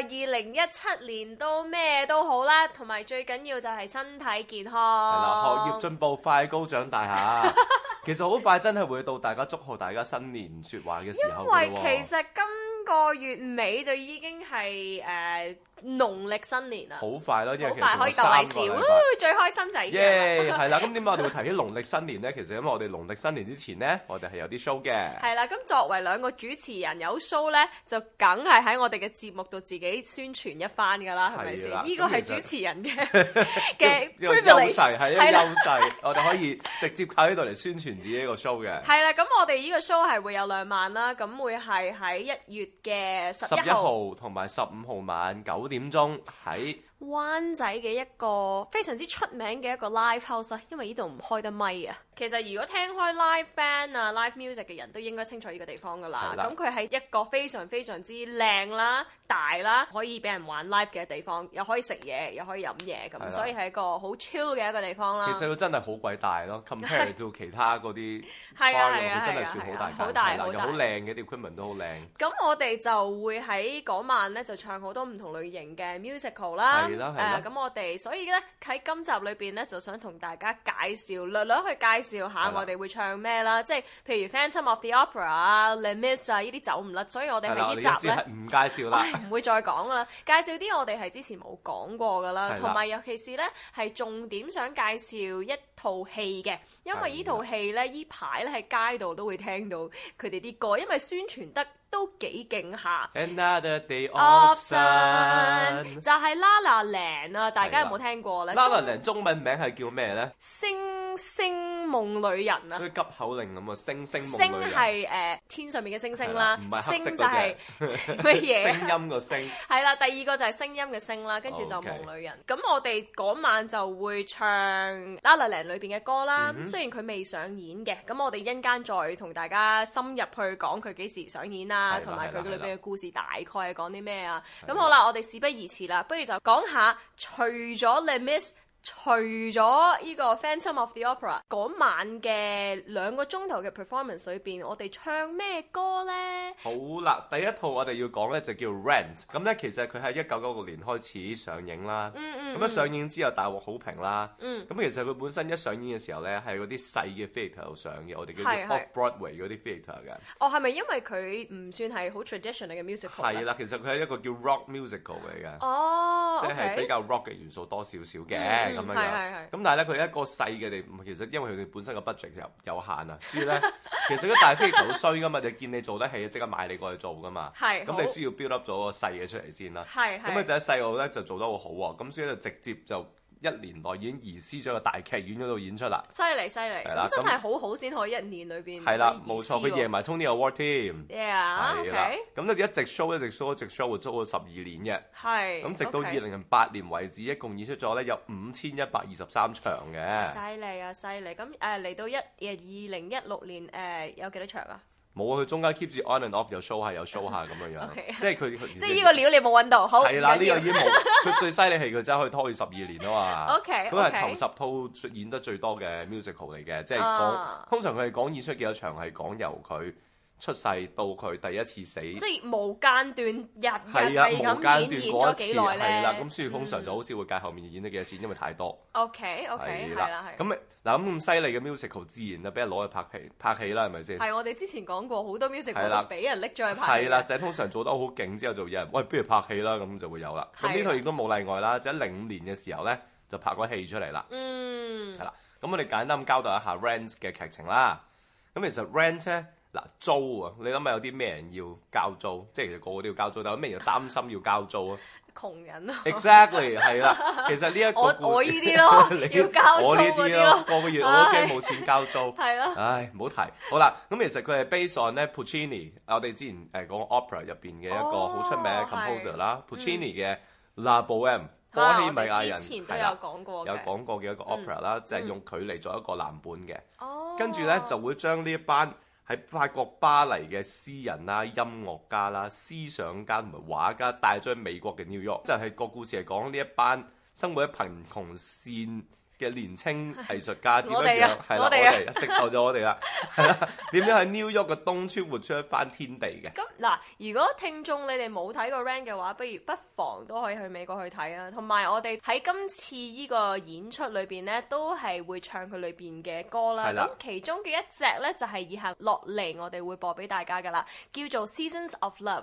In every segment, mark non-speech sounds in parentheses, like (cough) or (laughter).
二零一七年都咩都好啦，同埋最緊要就係身體健康。係啦，學業進步，快高長大下， (laughs) 其實好快真係會到大家祝賀大家新年說話嘅時候，因為其實今個月尾就已經係誒。呃農曆新年啊，好快咯，因為其實好快可以到，禮拜，最開心就係，係啦，yeah，咁點解我哋會提起農曆新年咧？其實因為我哋農曆新年之前咧，我哋係有啲 show 嘅。係啦，咁作為兩個主持人有 show 咧，就梗係喺我哋嘅節目度自己宣傳一番噶啦，係咪先？呢的個係主持人嘅嘅 privilege，係一個優勢，我哋可以直接靠呢度嚟宣傳自己一個 show 嘅。係啦，咁我哋呢個 show 係會有兩晚啦，咁會係喺一月嘅十一號同埋十五號晚九五點鐘喺灣仔嘅一個非常之出名嘅一個 live house，因為呢度唔開得咪。啊。其實如果聽開 live band 啊、live music 嘅人都應該清楚呢個地方㗎啦。咁佢係一個非常非常之靚啦、大啦，可以俾人玩 live 嘅地方，又可以食嘢，又可以飲嘢咁，所以係一個好 chill 嘅一個地方啦。其實真係好鬼大咯，compare 到其他嗰啲係啊，係啊，真係算好大好大好靚嘅，啲都好靚。咁我哋就會喺嗰晚咧就唱好多唔同類型嘅 musical 啦。係啦，係，咁我哋所以咧喺今集裏邊咧就想同大家介紹略略去介。介紹下，我哋會唱咩啦？即係譬如《Phantom of the Opera》啊，《Les Mis》啊呢啲走唔甩，所以我哋喺呢集咧唔介紹啦，唔會再講噶啦。介紹啲我哋係之前冇講過噶啦，同埋尤其是咧係重點想介紹一套戲嘅，因為呢套戲咧呢排咧喺街度都會聽到佢哋啲歌，因為宣傳得。都幾勁下。Another day of sun，就係 La La Land 啦，大家有冇聽過咧？La La Land 中文名係叫咩咧？星星夢裏人啊，啲急口令咁啊！星星夢裏人，星係，誒，天上面嘅星星啦，星就係咩嘢？聲音個聲係啦，第二個就係聲音嘅聲啦，跟住就夢裏人。咁我哋嗰晚就會唱 La La Land 裏邊嘅歌啦。雖然佢未上演嘅，咁我哋一陣間再同大家深入去講佢幾時上演啦。啊，同埋佢嘅裏邊嘅故事大概係講啲咩啊？咁、啊啊啊啊、好啦，我哋事不宜遲啦，不如就講下，除咗 Les Mis。除咗呢個《Phantom of the Opera》嗰晚嘅兩個鐘頭嘅 performance 裏邊，我哋唱咩歌咧？好啦，第一套我哋要講咧就叫《Rent》。咁咧其實佢喺一九九六年開始上映啦。咁一、嗯嗯、上映之後大獲好評啦。咁、嗯、其實佢本身一上映嘅時候咧，係嗰啲細嘅 theatre 上嘅，我哋叫做 Off Broadway 嗰啲 theatre 嘅。哦，係咪因為佢唔算係好 traditional 嘅 musical？係啦，其實佢係一個叫 rock musical 嚟嘅。哦。即係比較 rock 嘅元素多少少嘅。嗯嗯咁樣㗎，咁是但係咧佢一個細嘅地，其實因為佢哋本身個 budget 又有限啊，所以咧 (laughs) 其實啲大飛機頭好衰㗎嘛，就 (laughs) 見你做得起，即刻買你過去做㗎嘛。係，咁你需要 build up 咗個細嘢出嚟先啦。係是是，咁佢就喺細路咧就做得好好、啊、喎，咁所以就直接就。一年內已經移師咗個大劇院嗰度演出啦！犀利犀利，咁的真係好好先可以一年裏邊。係啦，冇錯，佢贏埋呢個 Tony Award team。Yeah OK 咁咧一直 show 一直 show 一直 show，活租咗十二年嘅。係是。咁直到二零零八年為止，okay? 一共演出咗咧有五千一百二十三場嘅。犀利啊！犀利，咁誒嚟到一誒二零一六年誒、呃、有幾多場啊？冇啊，佢中間 keep 住 on and off，有 show 下有 show 下咁樣樣，嗯、即係佢、嗯、即係呢個料你冇揾到，好係啦，呢個演無， (laughs) 最最犀利係佢真係可以拖佢十二年啊嘛，佢係 okay, okay, 頭十套演得最多嘅 musical 嚟嘅，uh, 即係講通常佢係講演出幾多場係講由佢。出世到佢第一次死，即係無間斷日日係啊，無間斷演咗幾耐咧？係啦，咁所以通常就好少會計後面演得幾多錢，因為太多。OK OK，係啦，係咁咪嗱咁咁犀利嘅 musical 自然就俾人攞去拍戲拍戲啦，係咪先？係我哋之前講過好多 musical 俾人拎咗去拍。係啦，就係通常做得好勁之後，就有人喂，不如拍戲啦，咁就會有啦。咁呢套亦都冇例外啦。就係零五年嘅時候咧，就拍過戲出嚟啦。嗯，係啦。咁我哋簡單交代一下《Rent》嘅劇情啦。咁其實《Rent》咧。嗱，租啊，你諗下有啲咩人要交租？即係其實個個都要交租，但係咩人擔心要交租啊？窮人啊！Exactly，係啦。其實呢一個我我依啲咯，要交租嗰啲咯。個個月我屋企冇錢交租，係咯。唉，唔好提。好啦，咁其實佢係 based on 咧 Puccini，我哋之前誒講 opera 入邊嘅一個好出名嘅 composer 啦，Puccini 嘅 La Boheme，波希米亞人係啦，有講過嘅，有講過嘅一個 opera 啦，就係用佢嚟作一個藍本嘅。哦。跟住咧就會將呢一班。喺法國巴黎嘅詩人啦、音樂家啦、思想家同埋畫家帶咗去美國嘅紐約，就係、是、個故事嚟講呢一班生活喺貧窮線嘅年青藝術家我哋啊，係了我哋啊， (laughs) 直頭就我哋啦，係啦，點樣喺 New York 嘅東村活出一番天地嘅咁嗱？如果聽眾你哋冇睇過《Rent》嘅話，不如不妨都可以去美國去睇啊。同埋我哋喺今次呢個演出裏邊呢，都係會唱佢裏邊嘅歌啦。咁的其中嘅一隻呢，就係、是、以下落嚟我哋會播俾大家噶啦，叫做《Seasons of Love》。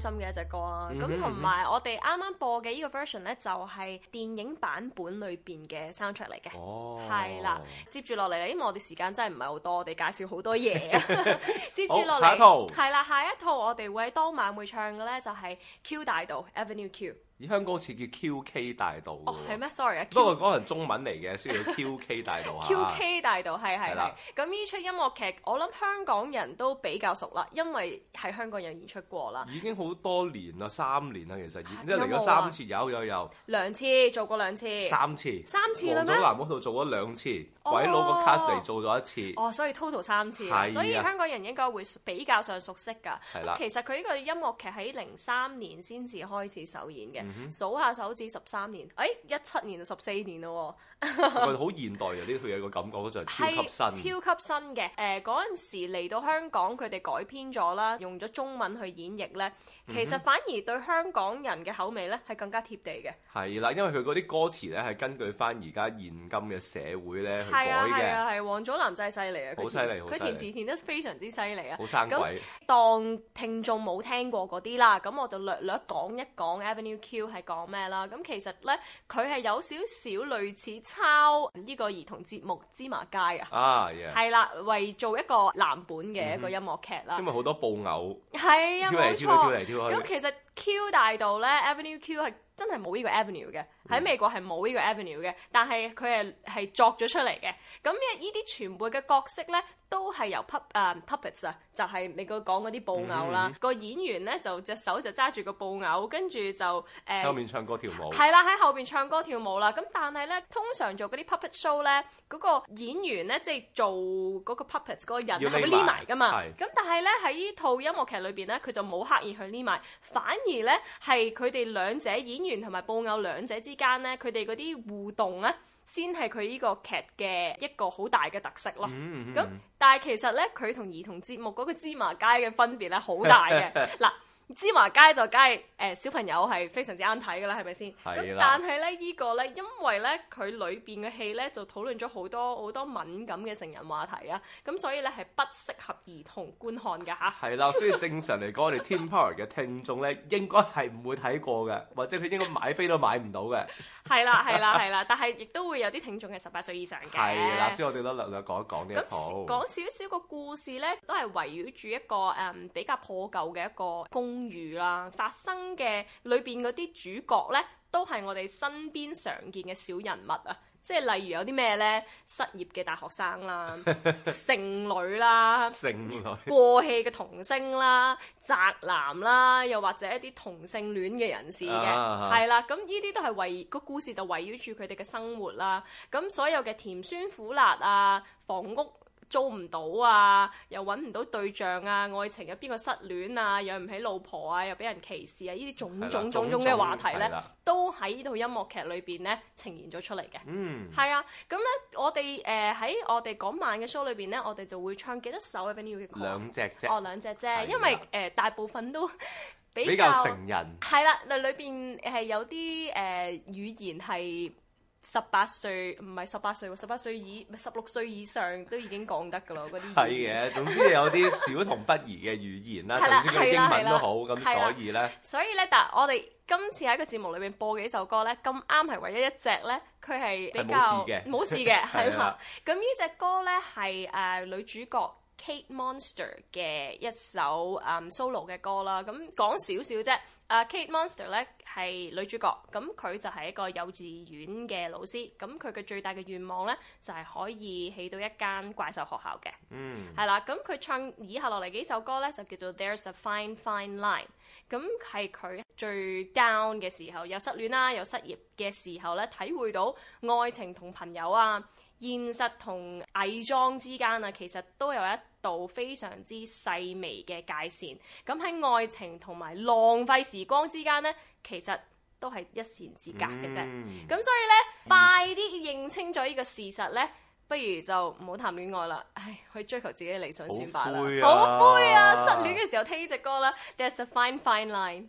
心嘅一隻歌啊，咁同埋我哋啱啱播嘅呢個 version 咧，就係、是、電影版本裏邊嘅 soundtrack 嚟嘅，係啦、oh.，接住落嚟，因為我哋時間真係唔係好多，我哋介紹好多嘢啊， (laughs) 接住落嚟，係啦，下一套我哋會喺當晚會唱嘅咧，就係 Q 大道 Avenue Q。香港好似叫 QK 大道哦係咩？Sorry 啊，不過嗰行中文嚟嘅先叫 QK 大道嚇。QK 大道係係係，咁呢出音樂劇我諗香港人都比較熟啦，因為喺香港有演出過啦。已經好多年啦，三年啦，其實已經嚟咗三次，有有有。兩次做過兩次。三次。三次啦咩？黃祖藍嗰度做咗兩次，鬼佬個 cast 嚟做咗一次。哦，所以 total 三次，所以香港人應該會比較上熟悉㗎。係啦，其實佢呢個音樂劇喺零三年先至開始首演嘅。數下手指十三年，誒一七年就十四年嘞喎！係好現代嘅，呢佢有個感覺，嗰就係超級新，超級新嘅。誒嗰陣時嚟到香港，佢哋改編咗啦，用咗中文去演繹咧，其實反而對香港人嘅口味咧係更加貼地嘅。係啦，因為佢嗰啲歌詞咧係根據翻而家現今嘅社會咧去改嘅。係啊係啊係！王祖藍真係犀利啊！好犀利，佢填詞填得非常之犀利啊！好生鬼。咁當聽眾冇聽過嗰啲啦，咁我就略略講一講 Avenue Q。係講咩啦？咁其實咧，佢係有少少類似抄呢個兒童節目《芝麻街》啊，係啦，為做一個藍本嘅一個音樂劇啦。因為好多布偶，係啊，跳嚟跳去，冇錯。咁其實。Q 大道咧，Avenue Q 係真係冇呢個 avenue 嘅，喺美國係冇呢個 avenue 嘅，但係佢係係作咗出嚟嘅。咁呢啲全部嘅角色咧，都係由 p p puppets 啊，就係你個講嗰啲布偶啦，mm hmm. 個演員咧就隻手就揸住個布偶，跟住就誒、呃、後面唱歌跳舞。係啦，喺後邊唱歌跳舞啦。咁但係咧，通常做嗰啲 puppet show 咧，嗰、嗰個、演員咧即係做嗰個 puppets 嗰個人係會匿埋㗎嘛。咁是但係咧喺呢套音樂劇裏邊咧，佢就冇刻意去匿埋，反而。而咧，係佢哋兩者演員同埋布偶兩者之間咧，佢哋嗰啲互動咧，先係佢呢個劇嘅一個好大嘅特色咯。咁、嗯嗯嗯、但係其實咧，佢同兒童節目嗰個芝麻街嘅分別咧，好大嘅嗱。 (laughs) 芝麻街就梗係誒小朋友係非常之啱睇㗎啦，係咪先？咁是的 但係咧呢、呢個咧，因為咧佢裏邊嘅戲咧就討論咗好多好多敏感嘅成人話題啊，咁所以咧係不適合兒童觀看嘅吓。係、啊、啦，所以正常嚟講， (laughs) 我哋 Tim Power 嘅聽眾咧應該係唔會睇過嘅，或者佢應該買飛都買唔到嘅 (laughs) 。係啦，係啦，係啦，但係亦都會有啲聽眾係十八歲以上嘅。係啦，所以我哋都略略講一講嘅那。咁講好少少個故事咧，都係圍繞住一個誒、嗯、比較破舊嘅一個公語啦，發生嘅裏邊嗰啲主角呢，都係我哋身邊常見嘅小人物啊，即係例如有啲咩呢？失業嘅大學生啦，剩 (laughs) 女啦，剩女過氣嘅童星啦，宅男啦，又或者一啲同性戀嘅人士嘅，係啦， (laughs) 咁呢啲都係圍個故事就圍繞住佢哋嘅生活啦，咁所有嘅甜酸苦辣啊，房屋。租唔到啊，又揾唔到對象啊，愛情入邊個失戀啊，養唔起老婆啊，又俾人歧視啊，呢啲種種了種種嘅話題咧，了都喺呢套音樂劇裏邊咧呈現咗出嚟嘅。嗯，係啊，咁咧我哋誒喺我哋嗰晚嘅 show 裏邊咧，我哋就會唱幾多首啊俾你聽。兩隻啫。哦，兩隻啫，了因為誒、呃、大部分都比較，比較成人。係啦、啊，裏裏邊係有啲誒、呃、語言係。十八歲唔係十八歲喎，十八歲以十六歲以上都已經講得噶啦，嗰啲語言係嘅。總之有啲小童不宜嘅語言啦，甚至係英文都好咁，所以咧。所以咧，但我哋今次喺個節目裏邊播嘅呢首歌咧，咁啱係唯一一隻咧，佢係比較冇事嘅，冇事嘅，係嘛？咁呢隻歌咧係誒女主角 Kate Monster 嘅一首誒、嗯、solo 嘅歌啦，咁講少少啫。Kate Monster 咧係女主角，咁佢就係一個幼稚園嘅老師，咁佢嘅最大嘅願望咧就係、是、可以起到一間怪獸學校嘅，嗯，係啦，咁佢唱以下落嚟幾首歌咧就叫做 There's a fine fine line，咁係佢最 down 嘅時候，有失戀啦、啊，有失業嘅時候咧，體會到愛情同朋友啊。現實同偽裝之間啊，其實都有一道非常之細微嘅界線。咁喺愛情同埋浪費時光之間呢，其實都係一線之隔嘅啫。咁、嗯、所以呢，嗯、快啲認清咗呢個事實呢，不如就唔好談戀愛啦。唉，去追求自己嘅理想算法啦。好灰啊！灰呀，失戀嘅時候聽呢隻歌啦。There's a Fine Fine Line。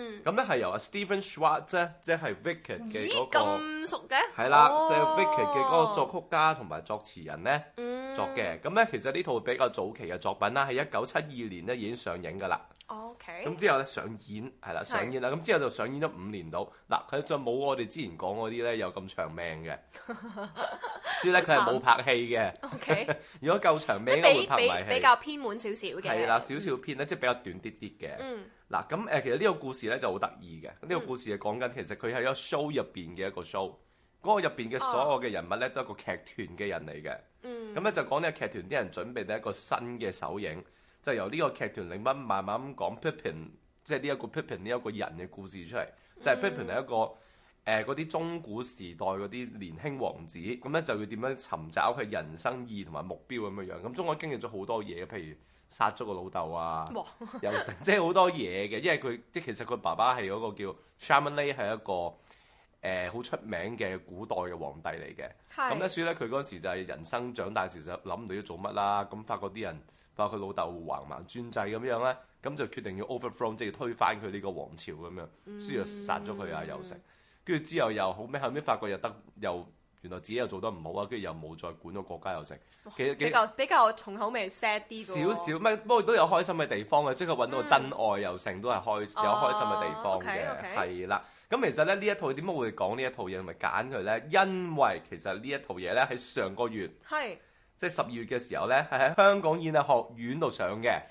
咁咧係由阿 Steven Schwartz 啫，即係 Wicked 嘅嗰個，係啦，即係 Wicked 嘅嗰個作曲家同埋作詞人咧、mm. 作嘅。咁咧其實呢套比較早期嘅作品啦，喺一九七二年咧已經上映噶啦。O K，咁之後咧上演，係啦，上演啦，咁之後就上演咗五年度。嗱，佢就冇我哋之前講嗰啲咧有咁長命嘅，所以咧佢係冇拍戲嘅。O K，如果夠長命會拍埋戲。比較偏滿少少嘅。係啦，少少偏咧，即係比較短啲啲嘅。嗯。嗱，咁誒，其實呢個故事咧就好得意嘅。呢個故事係講緊其實佢喺一 show 入邊嘅一個 show，嗰個入邊嘅所有嘅人物咧都係個劇團嘅人嚟嘅。嗯。咁咧就講呢個劇團啲人準備咗一個新嘅首映。就由呢個劇團領班慢慢咁講 Pippin 即係呢一個 Pippin 呢一個人嘅故事出嚟，就係、是、Pippin 係一個誒嗰啲中古時代嗰啲年輕王子咁咧、嗯，就要點樣尋找佢人生意同埋目標咁樣樣。咁中間經歷咗好多嘢，譬如殺咗個老豆啊，又即係好多嘢嘅。因為佢即係其實佢爸爸係嗰個叫 Charlemagne 係一個誒好、呃、出名嘅古代嘅皇帝嚟嘅。咁咧是、嗯、所以咧佢嗰時就係人生長大時就諗到要做乜啦。咁、嗯、發覺啲人佢老豆橫蠻專制咁樣咧，咁就決定要 overthrow，即係推翻佢呢個皇朝咁樣，於是就殺咗佢呀。又成。跟住、嗯、之後又好咩？後屘發覺又得，又原來自己又做得唔好啊！跟住又冇再管到國家又成。哦、其實比較比較重口味 sad 啲少少，咩？不過都有開心嘅地方嘅，即係佢揾到真愛又成，嗯、都係有開心嘅地方嘅，係啦。咁其實咧呢一套點解會講呢一套嘢同埋揀佢咧？因為其實呢一套嘢咧喺上個月即係十二月嘅時候呢，係喺香港演藝學院度上嘅，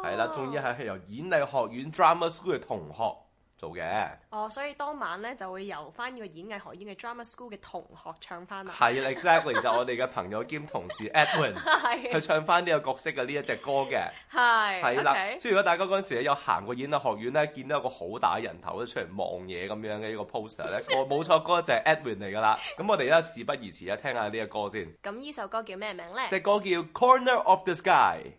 係啦、oh.，仲要係由演藝學院 Drama School 嘅同學。做嘅，哦，oh, 所以當晚咧就會由翻呢個演藝學院嘅 Drama School 嘅同學唱翻啦。係 (laughs) ，exactly 就係我哋嘅朋友兼同事 Edwin (laughs) 的去唱翻呢個角色嘅呢一隻歌嘅。係，係啦。所以如果大家嗰陣時候有行過演藝學院咧，見到一個好大嘅人頭咧出嚟望嘢咁樣嘅一個 poster 咧，冇 (laughs) 錯，歌就係 Edwin 嚟噶啦。咁我哋而家事不宜遲啊，聽下呢個歌先。咁呢 (laughs) 首歌叫咩名咧？隻歌叫 Corner of the Sky。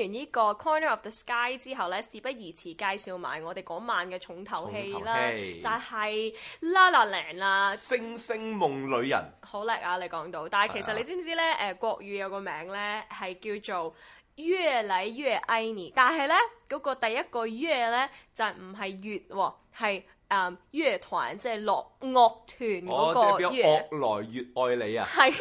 完呢個 Corner of the Sky 之後呢，事不宜遲，介紹埋我哋嗰晚嘅重頭戲啦，戲就係 La La Land 啦，《星星夢裡人》好叻啊！你講到，但係其實你知唔知呢？誒、啊、國語有個名呢，係叫做《越嚟越愛你》但是，但係呢嗰個第一個越呢，就唔係越喎，係、喔、誒、嗯就是、樂，樂團那、哦、即係樂樂團嗰個越來越愛你啊！係。 (laughs)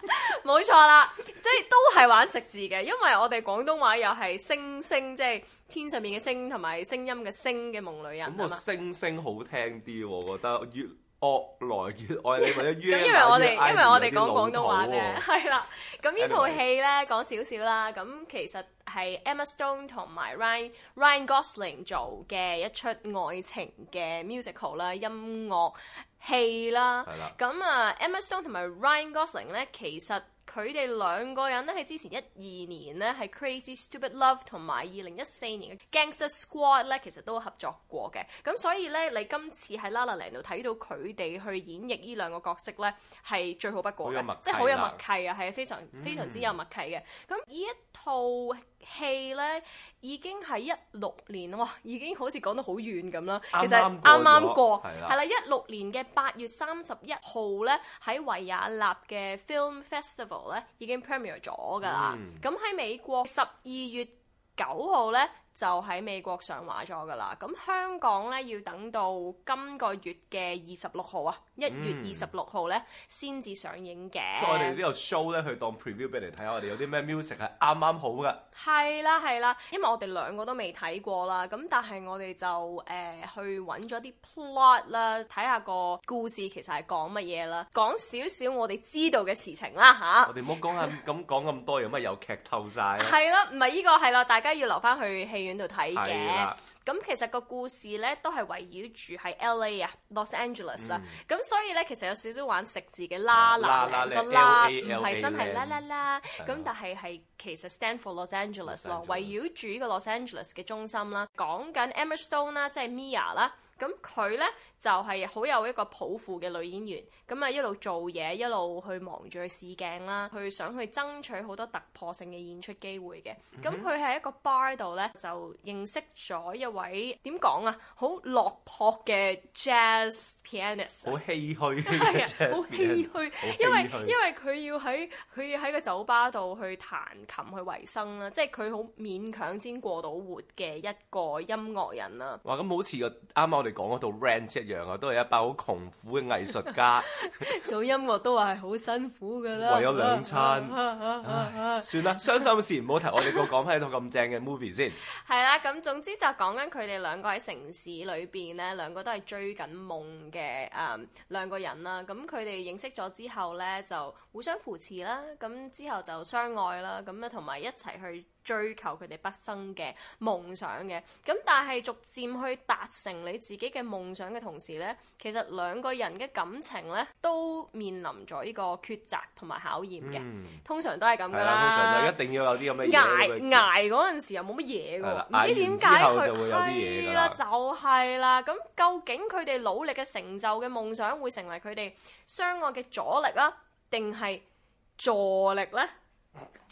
(laughs) 冇 (laughs) 錯啦，即係都係玩食字嘅，因為我哋廣東話又係星星，即係天上面嘅星同埋聲音嘅聲嘅夢女人，咁個星星好聽啲喎，我覺得越惡來越愛你，或者冤家因為我哋因為我哋講廣東話啫，係啦。咁呢套戲咧講少少啦，咁其實係 Emma Stone 同埋 Ryan Ryan Gosling 做嘅一出愛情嘅 musical 啦，音樂。戲啦，咁啊，Emma Stone 同埋 Ryan Gosling 咧，其實佢哋兩個人咧喺之前一二年咧，係 Crazy Stupid Love 同埋二零一四年嘅 Gangster Squad 咧，其實都合作過嘅。咁所以咧，你今次喺 La La Land 度睇到佢哋去演繹呢兩個角色咧，係最好不過嘅，即係好有默契啊，係非常非常之有默契嘅。咁呢了、嗯、一套。戲咧已經係一六年喎，已經好似講得好遠咁啦。剛剛其實啱啱過，係啦對了，一六年嘅八月三十一號咧，喺維也納嘅 Film Festival 咧已經 premiere 咗㗎啦。咁喺、嗯、美國十二月九號咧。就喺美國上畫咗噶啦，咁香港咧要等到今個月嘅二十六號啊，一月二十六號咧先至上映嘅。所以我哋呢個 show 咧，去當 preview 俾你睇下，我哋有啲咩 music 係啱啱好噶。係啦係啦，因為我哋兩個都未睇過啦，咁但係我哋就誒、呃、去揾咗啲 plot 啦，睇下個故事其實係講乜嘢啦，講少少我哋知道嘅事情啦吓，我哋唔好講咁講咁多，有乜有劇透晒？係咯、啊，唔係呢個係咯、啊，大家要留翻去院度睇嘅，咁的其實個故事咧都係圍繞住喺 L. A. 啊，Los Angeles 啦，咁、嗯、所以咧其實有少少玩食字嘅啦啦啦嘅啦，唔係真係啦啦啦，咁但係係其實 stand for Los Angeles 咯，圍繞、嗯、住呢個 Los Angeles 嘅中心啦，講緊 Emma Stone 啦，即、就、係、是、Mia 啦，咁佢咧。就係好有一個抱負嘅女演員，咁啊一路做嘢，一路去忙住去試鏡啦，去想去爭取好多突破性嘅演出機會嘅。咁佢喺一個 bar 度呢，就認識咗一位點講啊，好落魄嘅 jazz pianist，好唏噓，係啊，好唏噓，因為因為佢要喺佢要喺個酒吧度去彈琴去維生啦，即係佢好勉強先過到活嘅一個音樂人啦。哇，咁好似個啱啱我哋講嗰度 Rent 都係一班好窮苦嘅藝術家， (laughs) 做音樂都話係好辛苦㗎啦。為咗兩餐，算啦，傷心事唔好提，我哋再講翻一套咁正嘅 movie 先。係啦， (laughs) 咁總之就講緊佢哋兩個喺城市裏邊咧，兩個都係追緊夢嘅誒、嗯、兩個人啦。咁佢哋認識咗之後咧，就互相扶持啦。咁之後就相愛啦。咁咧同埋一齊去追求佢哋畢生嘅夢想嘅，咁但係逐漸去達成你自己嘅夢想嘅同時咧，其實兩個人嘅感情咧都面臨咗呢個抉擇同埋考驗嘅，通常都係咁噶啦。係啦，通常就一定要有啲咁嘅嘢。捱捱嗰陣時又冇乜嘢喎，唔知點解佢係啦，就係啦。咁究竟佢哋努力嘅成就嘅夢想會成為佢哋相愛嘅阻力啊，定係助力咧？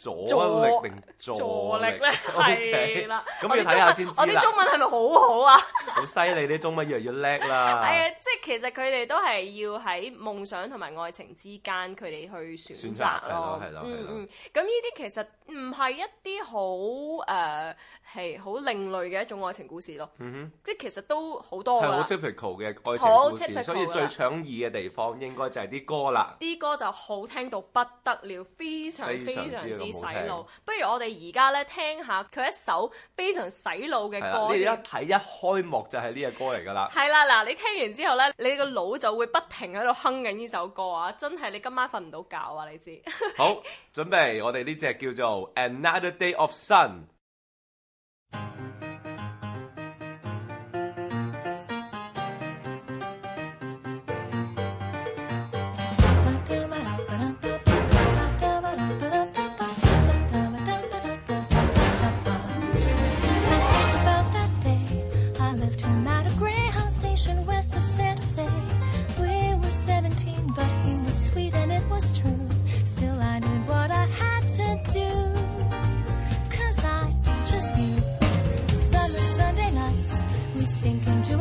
阻力定助力？助力咧，係啦 Okay。咁的 (laughs) 要睇下先知啦。我啲中文係咪好好啊？ (laughs) 好犀利！啲中文越嚟越叻啦。啊、呃，即係其實佢哋都係要喺夢想同埋愛情之間，佢哋去選擇咯，係咯，嗯嗯。咁呢啲其實唔係一啲好誒係好另類嘅一種愛情故事咯。嗯、哼即係其實都好多好 typical 嘅愛情故事嘅啦。所以最搶耳嘅地方應該就係啲歌啦。啲歌就好聽到不得了，非常非常之。洗腦，不如我哋而家咧聽下佢一首非常洗腦嘅歌。你一睇一開幕就係呢隻歌嚟噶啦。係啦，嗱，你聽完之後咧，你個腦就會不停喺度哼緊呢首歌啊，真係你今晚瞓唔到覺啊，你知。 (laughs) 好，準備我哋呢隻叫做 Another Day of Sun。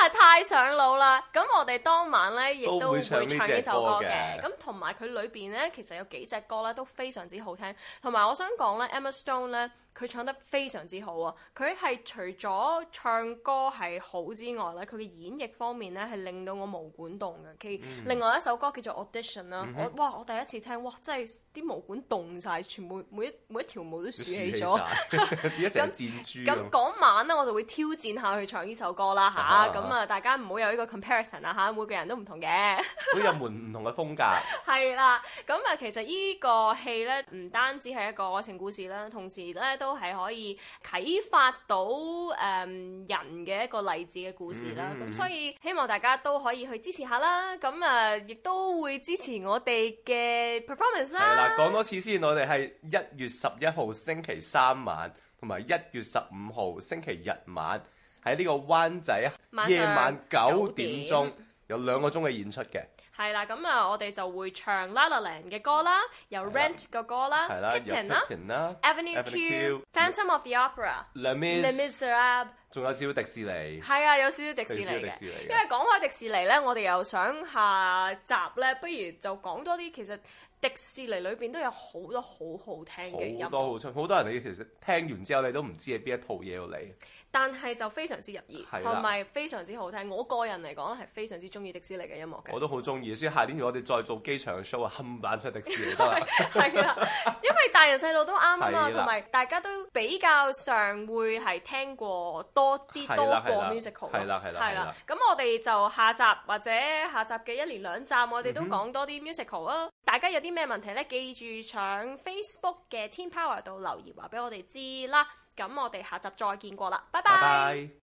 係太上腦啦！咁我哋當晚咧亦都會唱呢首歌嘅。咁同埋佢裏邊咧，其實有幾隻歌咧都非常之好聽。同埋我想講咧，Emma Stone 咧，佢唱得非常之好啊！佢係除咗唱歌係好之外咧，佢嘅演繹方面咧係令到我毛管戙嘅。另外一首歌叫做 Audition 啦，我哇我第一次聽哇，真係啲毛管戙晒，全部每一每一條毛都豎起咗，變咗成箭豬咁。嗰晚咧，我就會挑戰下去唱呢首歌啦吓咁。Uh huh. 啊咁啊，大家唔好有呢個 comparison 啊，嚇，每個人都唔同嘅，每個人唔唔同嘅風格 (laughs) 。係啦，咁啊，其實呢個戲咧，唔單止係一個愛情故事啦，同時咧都係可以啟發到誒人嘅一個勵志嘅故事啦。咁、嗯嗯嗯、所以希望大家都可以去支持下啦，咁啊，亦都會支持我哋嘅 performance 啦。係啦，講多次先，我哋係一月十一號星期三晚，同埋一月十五號星期日晚。喺呢個灣仔啊，夜晚九點鐘有兩個鐘嘅演出嘅。係啦，咁啊，我哋就會唱 La La Land 嘅歌啦，有 Rent 嘅歌啦 Pippin 啦，Avenue, Avenue Q，Phantom of the Opera，Les Miserables，仲有少少迪士尼。係啊，有少少迪士尼嘅。因為講開迪士尼咧，我哋又想下集咧，不如就講多啲。其實迪士尼裏邊都有好多好，好多好好聽嘅音，多好唱，好多人你其實聽完之後你都唔知係邊一套嘢嚟。但係就非常之入耳，同埋非常之好聽。我個人嚟講咧，係非常之中意迪士尼嘅音樂嘅。我都好中意，所以下年我哋再做機場 show 啊，冚板出迪士尼都係。係啦，因為大人細路都啱啊，同埋大家都比較上會係聽過多啲多過 musical。係啦係啦，係啦。咁我哋就下集或者下集嘅一連兩集，我哋都講多啲 musical 啊！大家有啲咩問題呢，記住上 Facebook 嘅 Team Power 度留言，話俾我哋知啦。咁我哋下集再見過啦，拜拜。Bye bye。